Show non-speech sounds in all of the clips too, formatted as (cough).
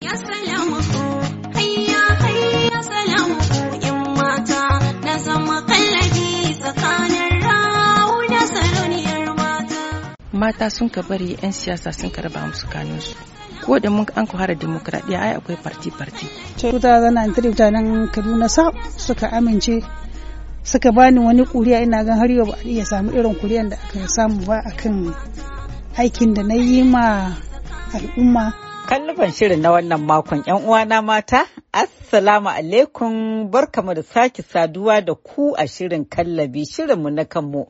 mata sun ka bari 'yan siyasa sun ka raba musu kanunsu ko da mun an kuhara demokradiyya ai akwai parti parti ce zana mutanen kaduna sa suka amince suka bani wani kuriya ina ga har yau ba iya samu irin kuriyan da aka samu ba akan aikin da na yi ma al'umma Kallufan shirin na wannan makon ‘yan uwana mata, Assalamu alaikum barkamu da sake saduwa da ku a shirin kallabi shirinmu na kanmu.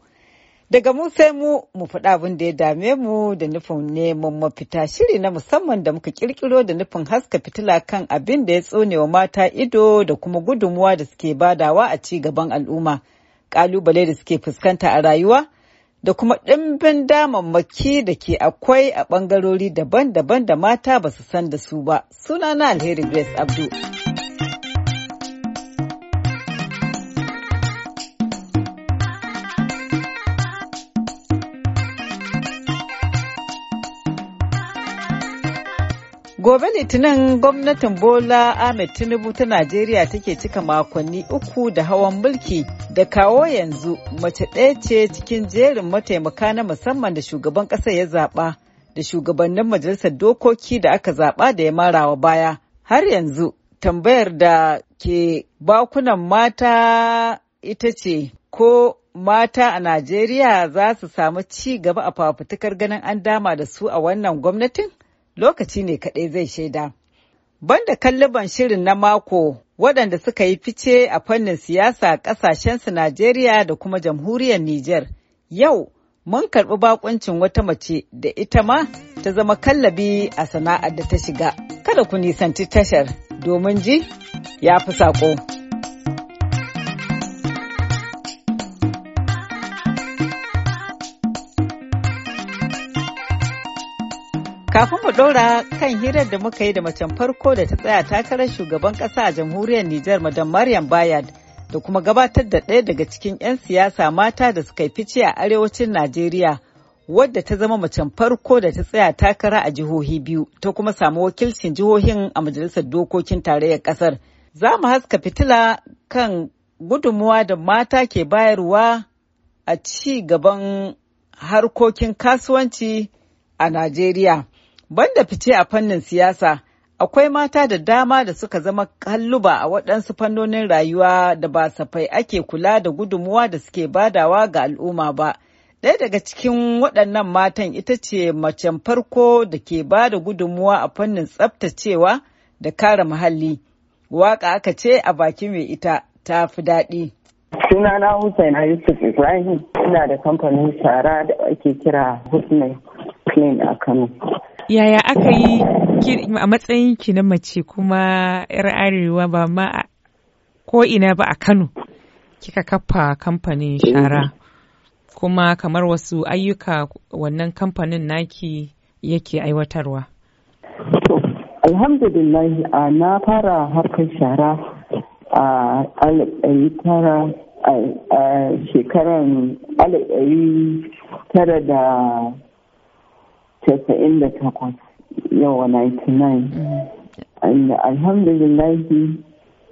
Daga mu sai mu mu faɗa abin da ya dame mu da nufin neman mafita shiri na musamman da muka kirkiro da nufin haska fitila kan abin da ya tsonewa mata ido da kuma gudunmuwa da suke badawa a ci gaban al'umma. Ƙalubale da suke fuskanta a rayuwa. da kuma ɗimbin damammaki da ke akwai a ɓangarori daban-daban da mata ba su san da su ba. Sunana Alheri Grace Abdul. Gobe Litinin gwamnatin Bola Ahmed Tinubu ta Najeriya take cika makonni uku da hawan mulki da kawo yanzu mace ɗaya ce cikin jerin mataimaka na musamman da shugaban ƙasa ya zaɓa da shugabannin majalisar dokoki da aka zaɓa da ya marawa baya. Har yanzu tambayar da ke bakunan mata ita ce ko mata a Najeriya za su samu ci gaba a fafutukar ganin an dama da su a wannan gwamnatin? lokaci ne kaɗai zai shaida. Banda kalliban shirin na mako waɗanda suka yi fice a fannin siyasa ƙasashensu Najeriya da kuma jamhuriyar Nijar. Yau mun karɓi bakuncin wata mace da ita ma ta zama kallabi a sana'ar da ta shiga. Kada ku nisanci tashar domin ji ya fi saƙo. Kafin mu ɗora kan hirar da muka yi da macen farko da ta tsaya takarar shugaban ƙasa a jamhuriyar Nijar Madam Maryam Bayad da kuma gabatar da ɗaya daga cikin 'yan siyasa mata da suka yi fice a arewacin Najeriya wadda ta zama macen farko da ta tsaya takara a jihohi biyu ta kuma samu wakilcin jihohin a majalisar dokokin tarayyar ƙasar. Za mu haska fitila kan gudunmuwa da mata ke bayarwa a ci gaban harkokin kasuwanci a Najeriya. Banda fice a fannin siyasa, akwai mata da dama da suka zama kalluba a waɗansu fannonin rayuwa da ba safai ake kula da gudummawa da suke badawa ga al'umma ba. Ɗaya daga cikin waɗannan matan ita ce macen farko da ke ba da gudummawa a fannin tsaftacewa da kare muhalli. Waka aka ce a baki mai ita ta fi daɗi. Sunana Hussaina Yusuf Ibrahim, ina da kamfanin shara da ake kira Hussein Clean a Kano. Yaya aka yi a matsayin ki na mace kuma 'yar arewa ba ma ko ina ba a Kano kika kafa kamfanin eh. shara kuma kamar wasu ayyuka wannan kamfanin naki yake aiwatarwa. Alhamdulillah, na fara harkar shara a alif tara a shekarar tara da casa'in da takwas yawa 99 alhamdulillahi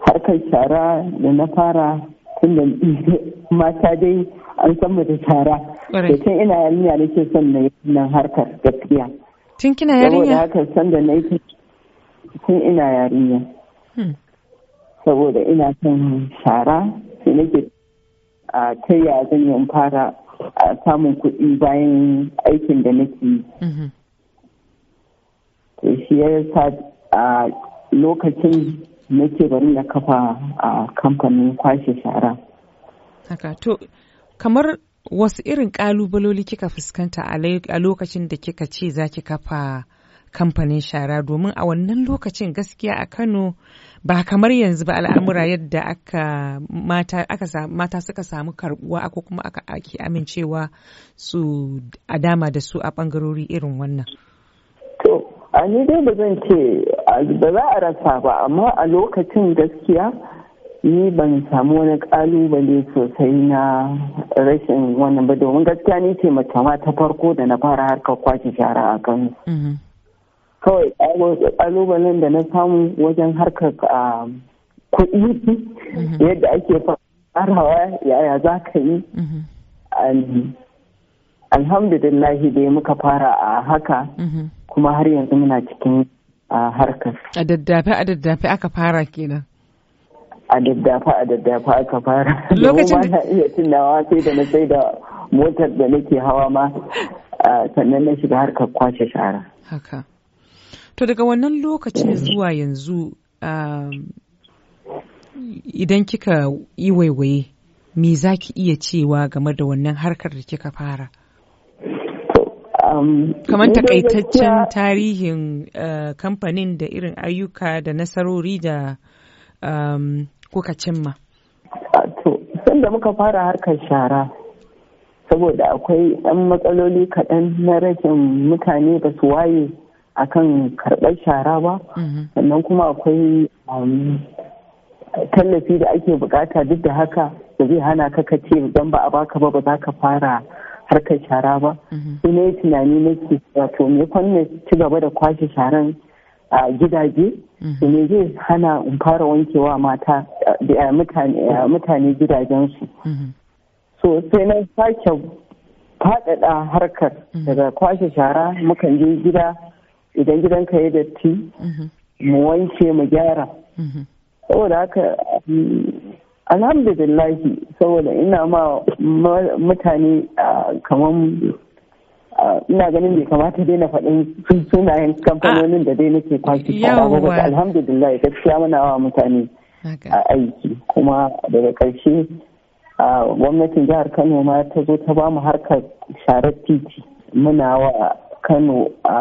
harkar shara da na fara tun da (laughs) mata dai an san da shara da tun ina yarinya nake son na yi nan harkar gaskiya tun kina yarinya haka san da na yi tun ina yarinya hmm. saboda ina son shara sai nake a ta zan yi fara samun kuɗi bayan aikin da nake yi. Mm-hmm. To shi ya sa a lokacin nake bari na kafa a kamfanin kwashe shara. Haka to kamar wasu irin ƙalubaloli kika fuskanta a lokacin da kika ce za ki kafa kamfanin shara domin a wannan lokacin gaskiya a Kano ba kamar yanzu ba al'amura yadda aka mata aka mata suka samu karbuwa ko kuma aka ake amincewa su a dama da su a bangarori irin wannan to a ni dai ba zan ce ba za a rasa ba amma a lokacin gaskiya ni ban samu wani kalubale sosai na rashin wannan ba domin gaskiya ni ce mace ta farko da na fara harkar kwashe shara a kan mm-hmm. kawai kalubalen da na samu wajen harkar um, kuɗi mm-hmm. yadda ake farawa yaya za ka yi mm-hmm. alhamdulillahi dai muka fara a haka mm-hmm. kuma har yanzu muna cikin uh, harkar a daddafe a daddafe aka fara kenan a daddafe a daddafe aka fara (laughs) lokacin da iya tunawa sai da na sai da motar da nake hawa ma uh, sannan na shiga harkar kwace shara haka To daga wannan lokacin zuwa yanzu um, idan kika yi waiwaye me za ki iya cewa game da wannan harkar da kika fara? Um, Kamar takaitaccen tarihin uh, kamfanin da irin ayyuka da nasarori da um, kuka cimma. Ah, to, sanda muka fara harkar shara, saboda akwai 'yan matsaloli kaɗan na rashin mutane ba su waye. akan karɓar shara ba mhm. sannan kuma akwai um, tallafi da ake bukata duk da haka da zai hana ka ka ce idan ba a baka ba ba za ka fara harkar shara ba mhm. sai na yi tunani nake wato me kwanne ci gaba da kwashe sharan a gidaje mhm. me zai hana in fara wankewa mata mutane gidajensu so sai na sake faɗaɗa harkar daga kwashe shara mukan je gida idan gidan ka datti mm-hmm. mu wanke mu gyara mm-hmm. saboda haka alhamdulillahi saboda ina ma mutane kamar ina ganin bai kamata dai na faɗin sunayen kamfanonin da dai nake kwashi ba alhamdulillah gaskiya muna wa mutane a aiki kuma daga ƙarshe gwamnatin jihar kano ma ta zo ta bamu harkar sharar titi muna wa kano a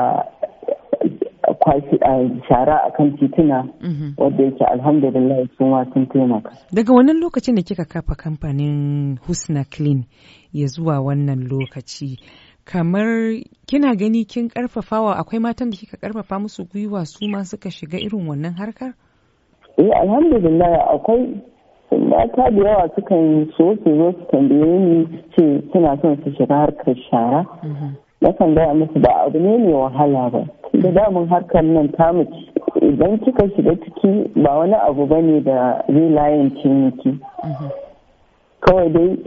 kwashi a shara a kan tituna mhm. wadda yake alhamdulillah su ma sun taimaka. Daga wannan lokacin da kika kafa kamfanin Husna Clean ya zuwa wannan lokaci kamar kina gani kin karfafawa akwai matan da kika karfafa musu gwiwa su ma suka shiga irin wannan harkar? Eh alhamdulillah akwai mata da yawa sukan so su zo su tambaye ni ce suna son su shiga harkar shara. Mhm. Nakan gaya musu ba abu ne mai wahala ba. da damun harkar nan tamu idan kika shiga ciki ba wani abu ba ne da zai layin ciniki kawai dai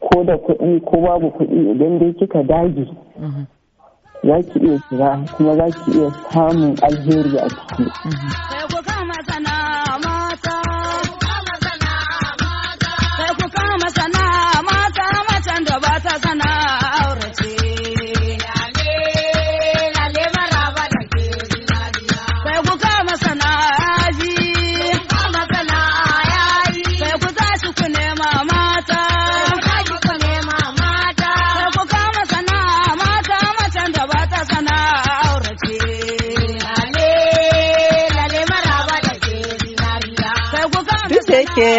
ko da kuɗi ko babu kuɗi idan dai kika dage za ki iya shiga kuma za ki iya samun alheri a ciki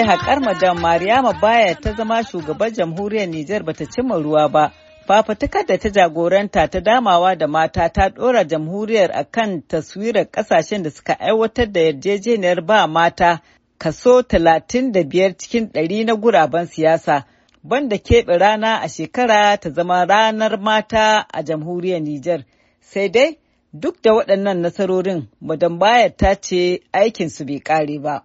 dai haƙar madam Mariama Baya ta zama shugaban jamhuriyar Nijar bata cimma ruwa ba. Fafatukar da ta jagoranta ta damawa da mata ta ɗora jamhuriyar a kan taswirar ƙasashen da suka aiwatar da yarjejeniyar ba mata kaso 35 cikin 100 na guraben siyasa. Banda keɓe rana a shekara ta zama ranar mata a jamhuriyar Nijar. Sai dai duk da waɗannan nasarorin, madam Bayar ta ce aikinsu bai ƙare ba.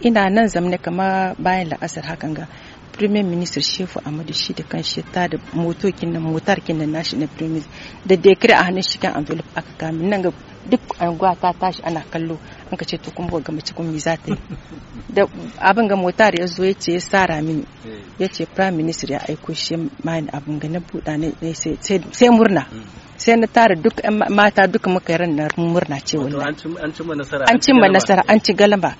ina nan zamne kama bayan la'asar hakan ga premier minister shefu amadu shi da kan shi ta da motokin nan motar kin nan nashi na premier da dekira a hannun shi kan envelope aka kamin nan ga duk anguwa ta tashi ana kallo an ka ce to kuma ga mace kuma za ta yi (laughs) da abin ga motar ya zo ya ce ya sara mini eh. ya ce prime minister ya aiko shi mani abin ga na buɗa ne sai murna mm. sai na tara duk mata duka muka yi ranar murna ce wannan an cimma nasara an ci galaba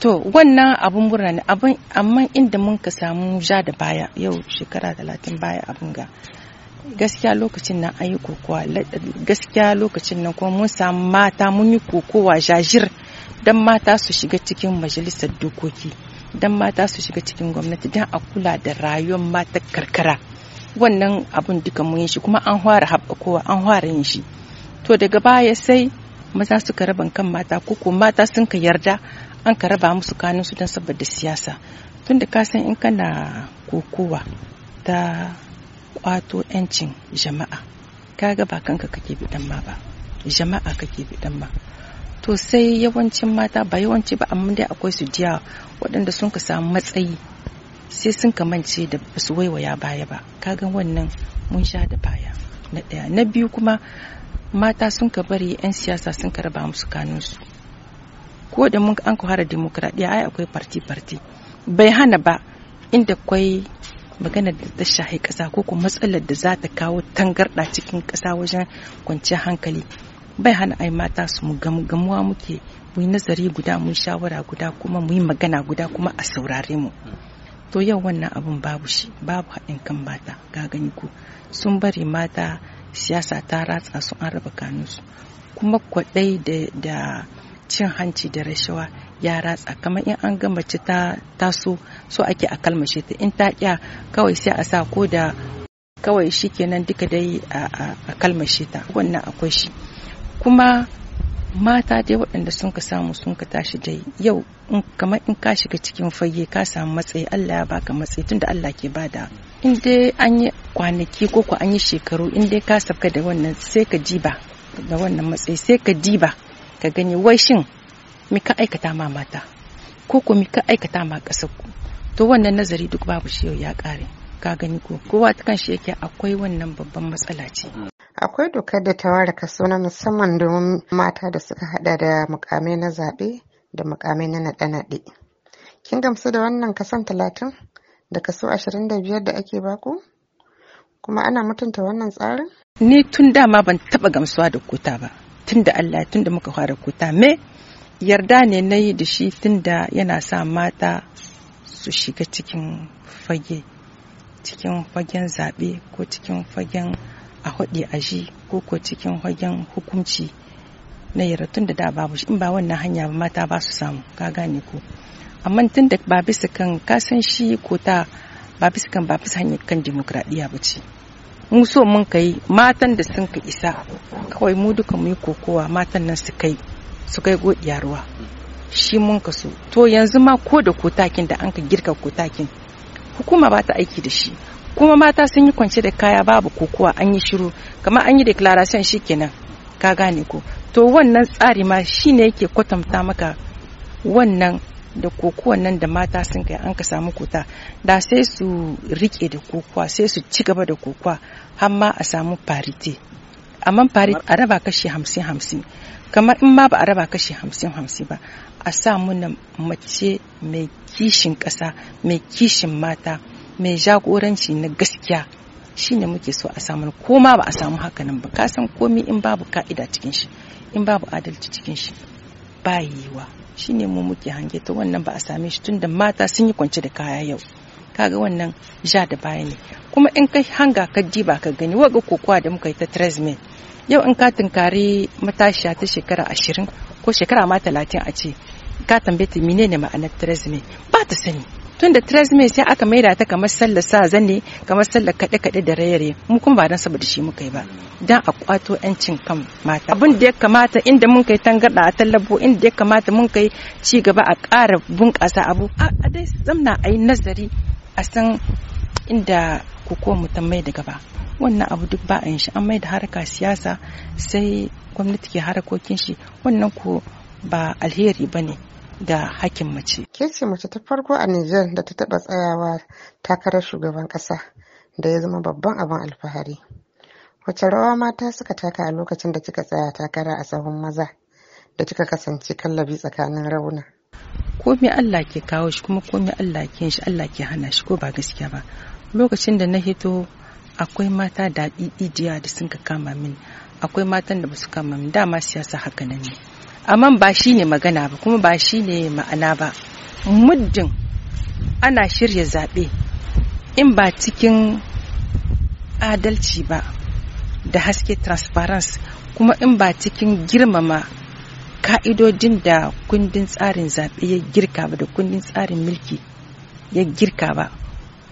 to wannan abun murna ne abun amma inda mun ka samu ja da baya yau shekara talatin baya abun ga gaskiya lokacin nan an kokowa gaskiya lokacin nan kuma mun samu mata mun yi kokowa jajir don mata su shiga cikin majalisar dokoki don mata su shiga cikin gwamnati dan a kula da rayuwar mata karkara wannan abun duka mun yi shi kuma an fara kowa an fara yin shi to daga baya sai maza suka rabin kan mata ko ko mata sun ka yarda an ka raba musu su don saboda siyasa tun da kasan in kana kokowa ta kwato 'yancin jama'a ga ba kanka kake bidan ma ba jama'a kake bidan ma to sai yawancin mata ba yawanci ba amma dai akwai su jiya waɗanda sun ka samu matsayi sai sun kamance da ba su waiwaya baya ba kagan wannan mun sha da baya na ɗaya na biyu kuma mata sun ka bari 'yan siyasa sun ka raba musu kanunsu ko da mun an kuhara demokradiyya ai akwai parti-parti bai hana ba inda kwai magana da ta shahi kasa ko kuma matsalar da za ta kawo tangarɗa cikin kasa wajen kwanciyar hankali bai hana ai mata su mu gamuwa muke mu yi nazari guda mu shawara guda kuma mu yi magana guda kuma a saurare mu to yau wannan abun babu shi babu haɗin kan mata ga gani ko sun bari mata siyasa ta ratsa su an raba kanunsu kuma kwaɗai da cin hanci da rashawa ya ratsa kamar in an ga mace ta taso so ake a kalmashe ta in ta kya kawai sai a sa ko da kawai shi kenan duka dai a kalmashe ta wannan akwai shi kuma mata dai waɗanda sun ka samu sun ka tashi dai yau kamar in ka shiga cikin fayye ka samu matsayi Allah ya baka matsayi tunda Allah ke bada in dai an yi kwanaki ko ko an yi shekaru in dai ka sabka da wannan sai ka da wannan matsayi sai ka ba ka gani wai shin me ka aikata ma mata ko ko me ka aikata ma ƙasar ku to wannan nazari duk babu shi yau ya ƙare ka gani ko kowa ta kan shi yake akwai wannan babban matsala ce Akwai dokar da ta ware kaso na musamman domin mata da suka hada da mukamai na zaɓe da mukamai na naɗe-naɗe. Kin gamsu da wannan kasan talatin da kaso ashirin da biyar da ake baku? Kuma ana mutunta wannan tsarin? Ni tun dama ban taba gamsuwa da kuta ba. Tun da Allah tun da muka fara kuta me yarda ne na yi da shi tun da yana sa mata su shiga cikin fage cikin fagen zaɓe ko cikin fagen a haɗe a shi ko ko cikin hagen hukunci na yara tun da da babu in ba wannan hanya ba mata ba su samu ka gane ko amma tun da ba bisa kan kasan shi ko ta ba bisa kan ba bisa hanyar kan demokradiya ba ce mu mun kai matan da sun ka isa kawai mu duka mu yi kokowa matan nan su kai su kai godiya ruwa shi mun ka so to yanzu ma ko da kotakin da an ka girka kotakin hukuma ba ta aiki da shi kuma mata sun yi kwance da kaya babu kokowa an yi shiru kamar an yi declaration kenan ka gane ko to wannan tsari ma shine yake kwatanta maka wannan da kokuwan nan da mata sun kai an ka samu kuta da sai su rike da kokowa sai su ci gaba da kokowa har ma a samu parity amma parity a raba kashi hamsin hamsin kamar in ma ba a raba kashi hamsin hamsin ba a sa na mace mai kishin ƙasa mai kishin mata mai jagoranci na gaskiya shine muke so a samu koma ba a samu hakanan ba kasan komi in babu ka'ida cikin shi in babu adalci cikin shi ba yiwa shine mu muke hange ta wannan ba a same shi tun da mata sun yi kwance da kaya yau kaga wannan ja da baya ne kuma in ka hanga ka diba ka gani waga kokowa da muka yi ta tresmen yau in ka tunkari matashiya ta shekara ashirin ko shekara ma talatin a ce ka tambaye ta menene ma'anar tresmen ba ta sani tun da tresme sai aka maida ta kamar sallar sa zanne kamar sallar kaɗe kaɗe da raye mu kuma ba dan saboda shi muka yi ba dan a kwato yancin kan mata abin da ya kamata inda mun kai tangarda a tallabo inda ya kamata mun kai ci gaba a ƙara bunƙasa abu a dai zamna a yi nazari a san inda kuko mu ta mai da gaba wannan abu duk ba a yin shi an mai da harka siyasa sai gwamnati ke harakokin shi wannan ku ba alheri ba ne da hakkin mace. Ke ce mace ta farko a Nijar da ta taba tsayawa takarar shugaban ƙasa da ya zama babban abin alfahari. Wace rawa mata suka taka a lokacin da kika tsaya takara a sahun maza da kika kasance kallabi tsakanin rauna? Komai Allah ke kawo shi kuma komai Allah ke shi Allah ke hana shi ko ba gaskiya ba. Lokacin da na hito akwai mata da ɗiɗiya da sun ka kama min akwai matan da ba su kama min dama siyasa haka na ne. amma ba shi ne magana ba kuma ba shi ne ma'ana ba muddin ana shirya zaɓe in ba cikin adalci ba da haske transparency kuma in ba cikin girmama ka'idodin da kundin tsarin zaɓe ya girka ba da kundin tsarin mulki ya girka ba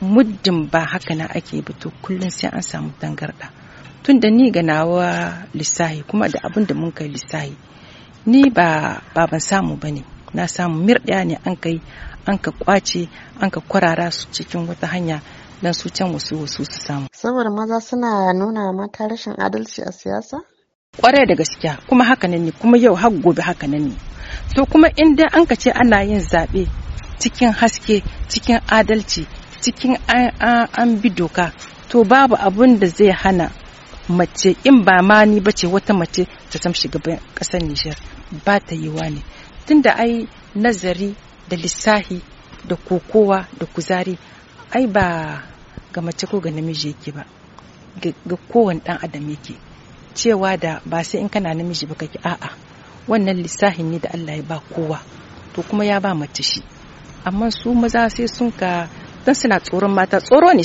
muddin ba haka na ake bito kullum sai an samu tangarɗa tun da ni ga nawa lissahi kuma da abin da mun kai lissahi ni ba ba ban samu bane na samu mirɗa ne an kai an ka kwace an ka kwarara su cikin wata hanya don su can wasu wasu su samu saboda maza suna nuna mata rashin adalci a siyasa kwarai da gaskiya kuma haka nan ne kuma yau har gobe haka nan ne to kuma in dai an ka ce ana yin zaɓe cikin haske cikin adalci cikin an bi doka to babu abun da zai hana mace in ba ma ni bace wata mace ta tam shiga ƙasar Nijar ba ta yiwa ne tunda ai nazari da lissahi da kokowa da kuzari ai ba ga mace ko ga namiji yake ba ga kowane dan adam yake cewa da ba sai in kana namiji ba kake a'a wannan lissahin ne da Allah ya ba kowa to kuma ya ba mace shi amma su maza sai sun ka dan suna tsoron mata tsoro ne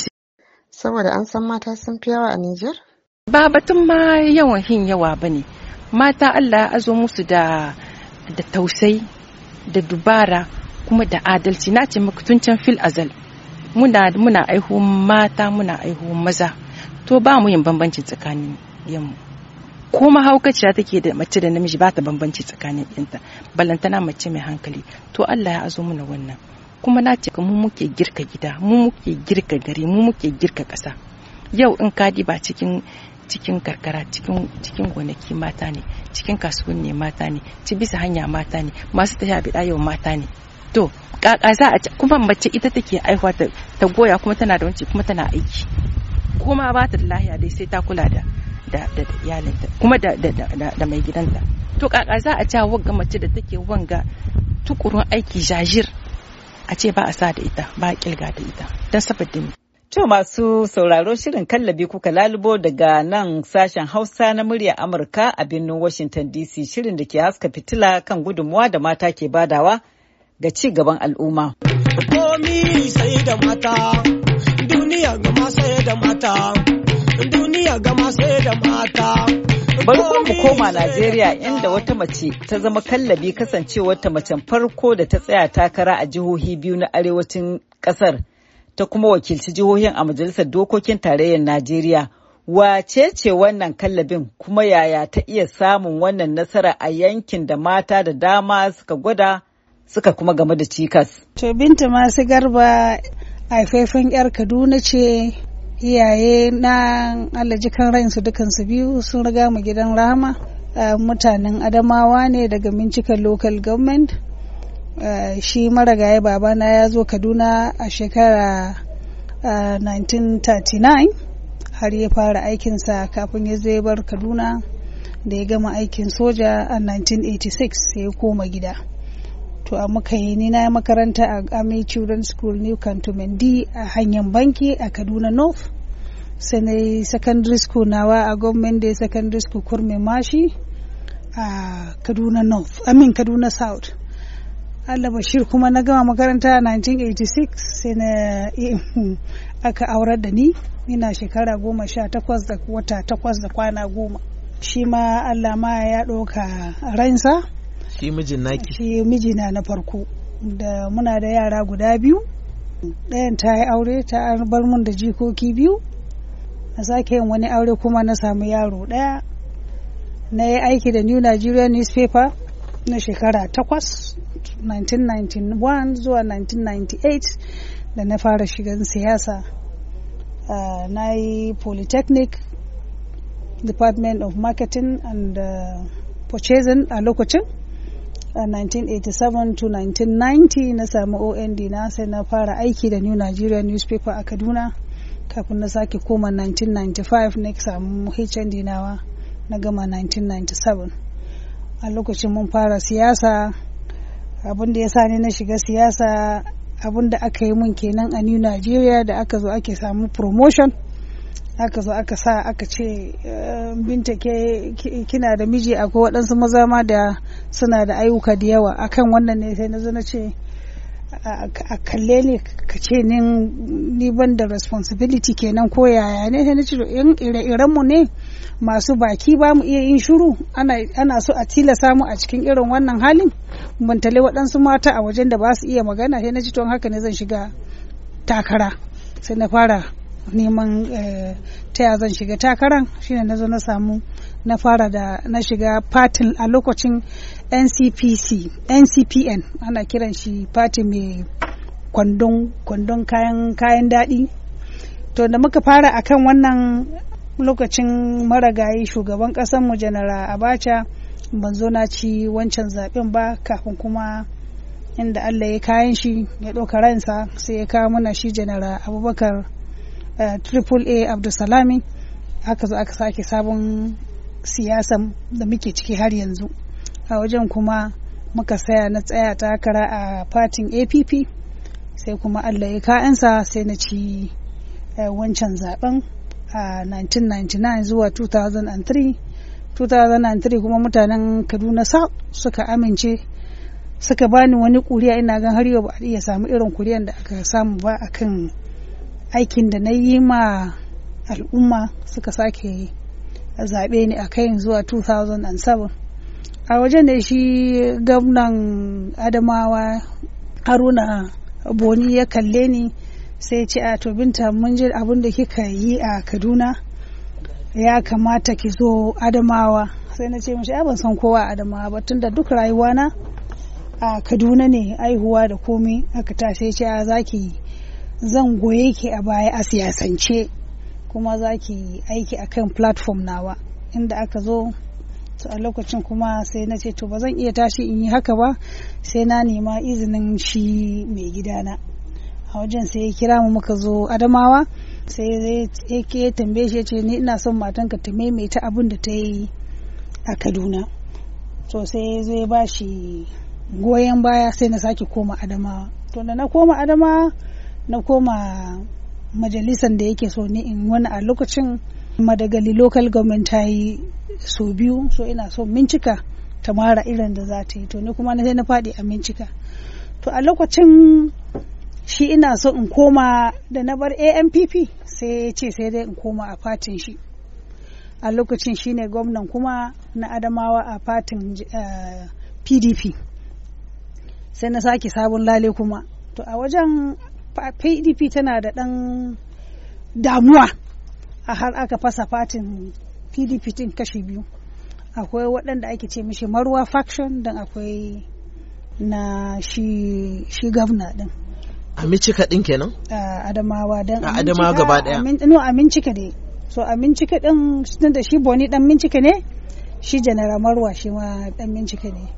saboda an san mata sun fi yawa a Nijar? ba batun ma yawan hin yawa bane mata Allah ya azo musu da da tausai da dubara kuma da adalci na ce fil azal muna muna aihu mata muna aihu maza to ba mu yin bambanci tsakanin yanmu ko ta take da mace da namiji ba ta bambanci tsakanin ɗinta ballantana mace mai hankali to Allah ya azo muna wannan kuma na ce mu muke girka gida mu muke girka gari mu muke girka kasa yau in ka ba cikin cikin karkara cikin gonaki mata ne cikin kasuwanni mata ne ci bisa hanya mata ne masu tafiya bida yau mata ne to kaka za a kuma mace ita take aihuwa ta goya kuma tana da wanci kuma tana aiki kuma ba ta da lahiya dai sai ta kula da da iyalinta kuma da da mai gidanta to kaka za a ca wanga mace da take wanga tukurun aiki jajir a ce ba a sa da ita ba a kilga da ita don saboda To masu sauraro shirin kallabi kuka lalubo daga nan sashen Hausa na murya Amurka a birnin Washington DC shirin da ke haska fitila kan gudunmuwa da mata ke badawa ga ci gaban al'umma. Komi sai da mata, duniya gama sai da mata, duniya gama sai da mata. Bari mu koma Najeriya inda wata mace ta zama kallabi kasancewar ta macen farko da ta tsaya takara a jihohi biyu na arewacin kasar. ta kuma wakilci jihohin a Majalisar Dokokin Tarayyar Najeriya. Wace ce wannan kallabin kuma yaya ta iya samun wannan nasara a yankin da mata da dama suka gwada suka kuma game da cikas. To binta masu garba haifafen yar Kaduna ce iyaye na alajikan ransu dukansu biyu sun riga mu gidan rama ah, mutanen Adamawa ne daga binciken local government. Eh, shi maragaye babana ya zo kaduna a shekara 1939 eh, har ya fara aikinsa kafin ya zai bar kaduna da ya gama aikin soja a 1986 ya koma gida to a muka yi ni na makaranta a army children's school new cantonment d a hanyar banki a kaduna north sai na secondary school nawa a government day secondary school kurme mashi a kaduna north amin kaduna south Allah Bashir kuma na gama makaranta 1986 sai na aka aurar da ni ina shekara goma sha takwas da wata takwas da kwana goma shi ma Allah ma ya ɗauka ransa shi mijina na farko da muna da yara guda biyu ɗayan ta yi aure ta bar mun da jikoki biyu na sake yin wani aure kuma na samu yaro ɗaya na yi aiki da new nigerian newspaper na shekara takwas 1991 zuwa 1998 da na fara shigan siyasa uh, na yi polytechnic department of marketing and uh, purchasing a lokacin uh, ah, 1987 to 1990 na samu ond na sai na fara aiki da new nigeria newspaper a kaduna kafin na sake koma 1995 na samu hnd nawa na gama 1997 a lokacin mun fara siyasa abin da ya sa na shiga siyasa abin da aka yi mun kenan a new nigeria da aka zo ake samu promotion aka zo aka sa aka ce eh, binta ke kina da miji akwai waɗansu maza ma da suna da ayyuka da yawa akan wannan ne sai na zo ce a kalle ne ka ce ni ban da responsibility kenan ko yaya ne sai na ce in ire-irenmu ne masu baki ba mu iya yin shiru ana so a tilasa mu a cikin irin wannan halin bantale waɗansu mata a wajen da ba su iya magana sai na ji ton haka ne zan shiga takara sai na fara neman eh, taya zan shiga takaran shine na zo na samu na fara da na shiga fatin a lokacin ncpc ncpn ana kiran shi fatin mai kwandon kayan kayan daɗi to da muka fara akan wannan lokacin maragayi shugaban mu janara abacha ban zo na ci wancan zaɓen ba kafin kuma inda allah ya kayan shi ya ɗauka ransa sai ya kawo mana shi janara abubakar eh, triple a abdulsalami haka zo aka sake sabon siyasan da muke ciki har yanzu a wajen kuma muka saya na tsaya takara a fatin app sai kuma allah ya kayansa sai na ci eh, wancan zaɓen. a ah, 1999 zuwa 2003 2003 kuma mutanen kaduna south suka amince suka bani wani kuriya ina gan har yau ba a iya samu irin kuriyan da aka samu ba akan aikin da na yi ma al'umma suka sake zaɓe ni a kai zuwa 2007 a wajen da shi gwamnan adamawa haruna boni ya kalle ni sai ce a to binta mun ji abin da kika yi a kaduna ya kamata ki zo adamawa sai na ce mishi ban san kowa a adamawa ba tunda duk rayuwana a kaduna ne aihuwa da komi aka ta sai ce a za ki zan goye ki a baya a siyasance kuma za ki aiki a kan platform nawa inda aka zo to a lokacin kuma sai na ce to ba zan iya tashi in yi haka ba sai na nema izinin shi mai gidana a wajen sai ya kira mu muka zo adamawa sai ya tambaye shi ya ce ni ina son matanka ta maimaita abin da ta yi a kaduna to sai ya zo ya ba shi goyon baya sai na sake koma adamawa to da na koma adamawa na koma majalisan da yake so ni in wani a lokacin madagali local government ta yi so biyu so ina so mincika ta mara irin da za ta yi to ni kuma na sai na faɗi a mincika to a lokacin shi ina so in koma da na bar ampp sai ya ce sai dai in koma a fatin shi a lokacin shi ne gwamnan kuma na adamawa a fatin pdp eh, sai na sake sabon lale kuma to a wajen pdp tana da ɗan damuwa a har aka fasa fatin pdp din kashi biyu akwai waɗanda ake ce mishi marwa faction don akwai na shi gwamna din a micika din kenan a adamawa don a adamawa gaba ɗaya no a mincika ne so a mincika din da shi boni dan mincika ne shi janara marwa shi ma dan mincika ne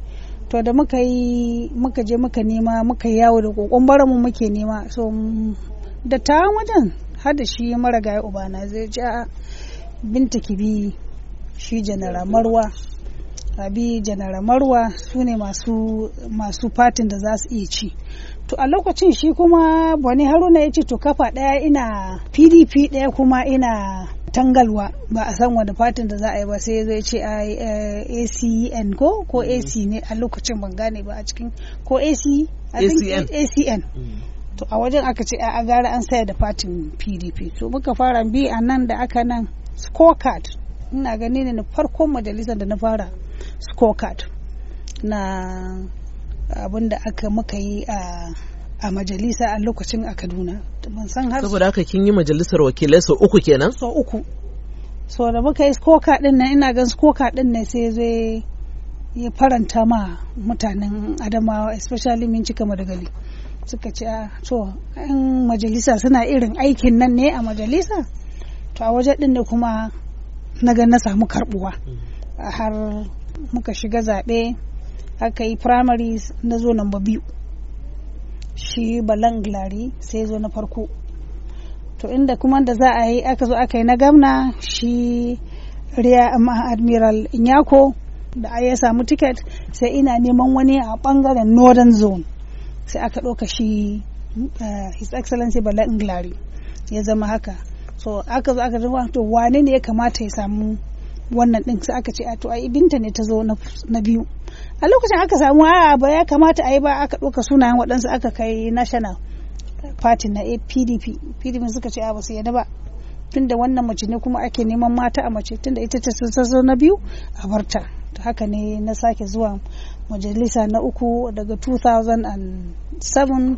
to da muka yi muka je muka nema muka yawo da kokon mu muke nema so da ta wajen har da shi mara gaya ubana zai ja binta kibi shi janara marwa rabi janara marwa su ne masu fatin da za su iya ci to a lokacin shi kuma bani haruna ya ce to kafa ɗaya ina pdp ɗaya kuma ina tangalwa ba a san wani fatin da za a yi ba sai zai ce acn eh, ko ko mm-hmm. ac ne a lokacin ban gane ba a cikin ko ac acn mm-hmm. to a wajen aka ce a gara an saya da fatin pdp to muka fara bi a nan da aka nan scorecard ina gani ne na farkon majalisar da na fara scorecard na abin da aka muka yi a a majalisa a lokacin a Kaduna. Ban har saboda haka kin yi majalisar wakilai sau uku kenan? Sau uku. So da muka yi skoka din nan ina gan skoka din nan sai zai ya faranta ma mutanen Adamawa especially min cika madagali. Suka ce a ah, to yan majalisa suna irin aikin nan ne a majalisa? To a waje din da kuma na ga na samu karbuwa mm. har muka shiga zaɓe aka yi primaries na zo namba biyu shi balan glari sai zo na farko to inda kuma da za a yi aka zo aka yi na gamna shi riya admiral nyako da a ya samu tiket sai ina neman wani a bangaren northern zone sai aka ɗauka shi eh, his excellency balan glari ya zama haka so aka zo aka zama to wane ne ya kamata ya samu wannan din sai aka ce a to ai binta ne ta zo na biyu a lokacin aka samu a ba ya kamata a ba aka ɗauka sunayen waɗansu aka kai national party na pdp pdp suka ce a ba su yada ba tunda wannan mace ne kuma ake neman mata a mace tunda ita ce ta zo na biyu a barta ta haka ne na sake zuwa majalisa na uku daga 2007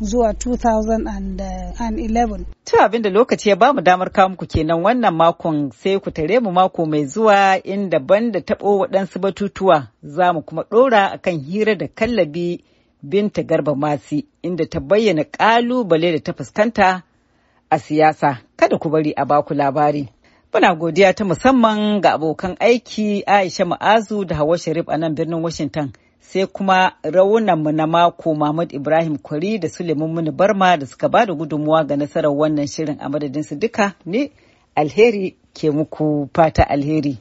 zuwa 2011. Tun abinda lokaci ya bamu damar kawo muku kenan wannan makon sai ku tare mu mako mai zuwa inda banda taɓo waɗansu batutuwa za mu kuma ɗora akan hira da kallabi binta garba masi inda ta bayyana ƙalubale da ta fuskanta a siyasa kada ku bari a baku labari. Muna godiya ta musamman ga abokan aiki Aisha Ma'azu da Hawa Sharif a nan birnin Washington. sai kuma raunanmu na mako Mahmud Ibrahim Kwari da Suleiman Muni Barma da suka ba da gudunmuwa ga nasarar wannan shirin a madadinsu duka ne alheri ke muku fata alheri.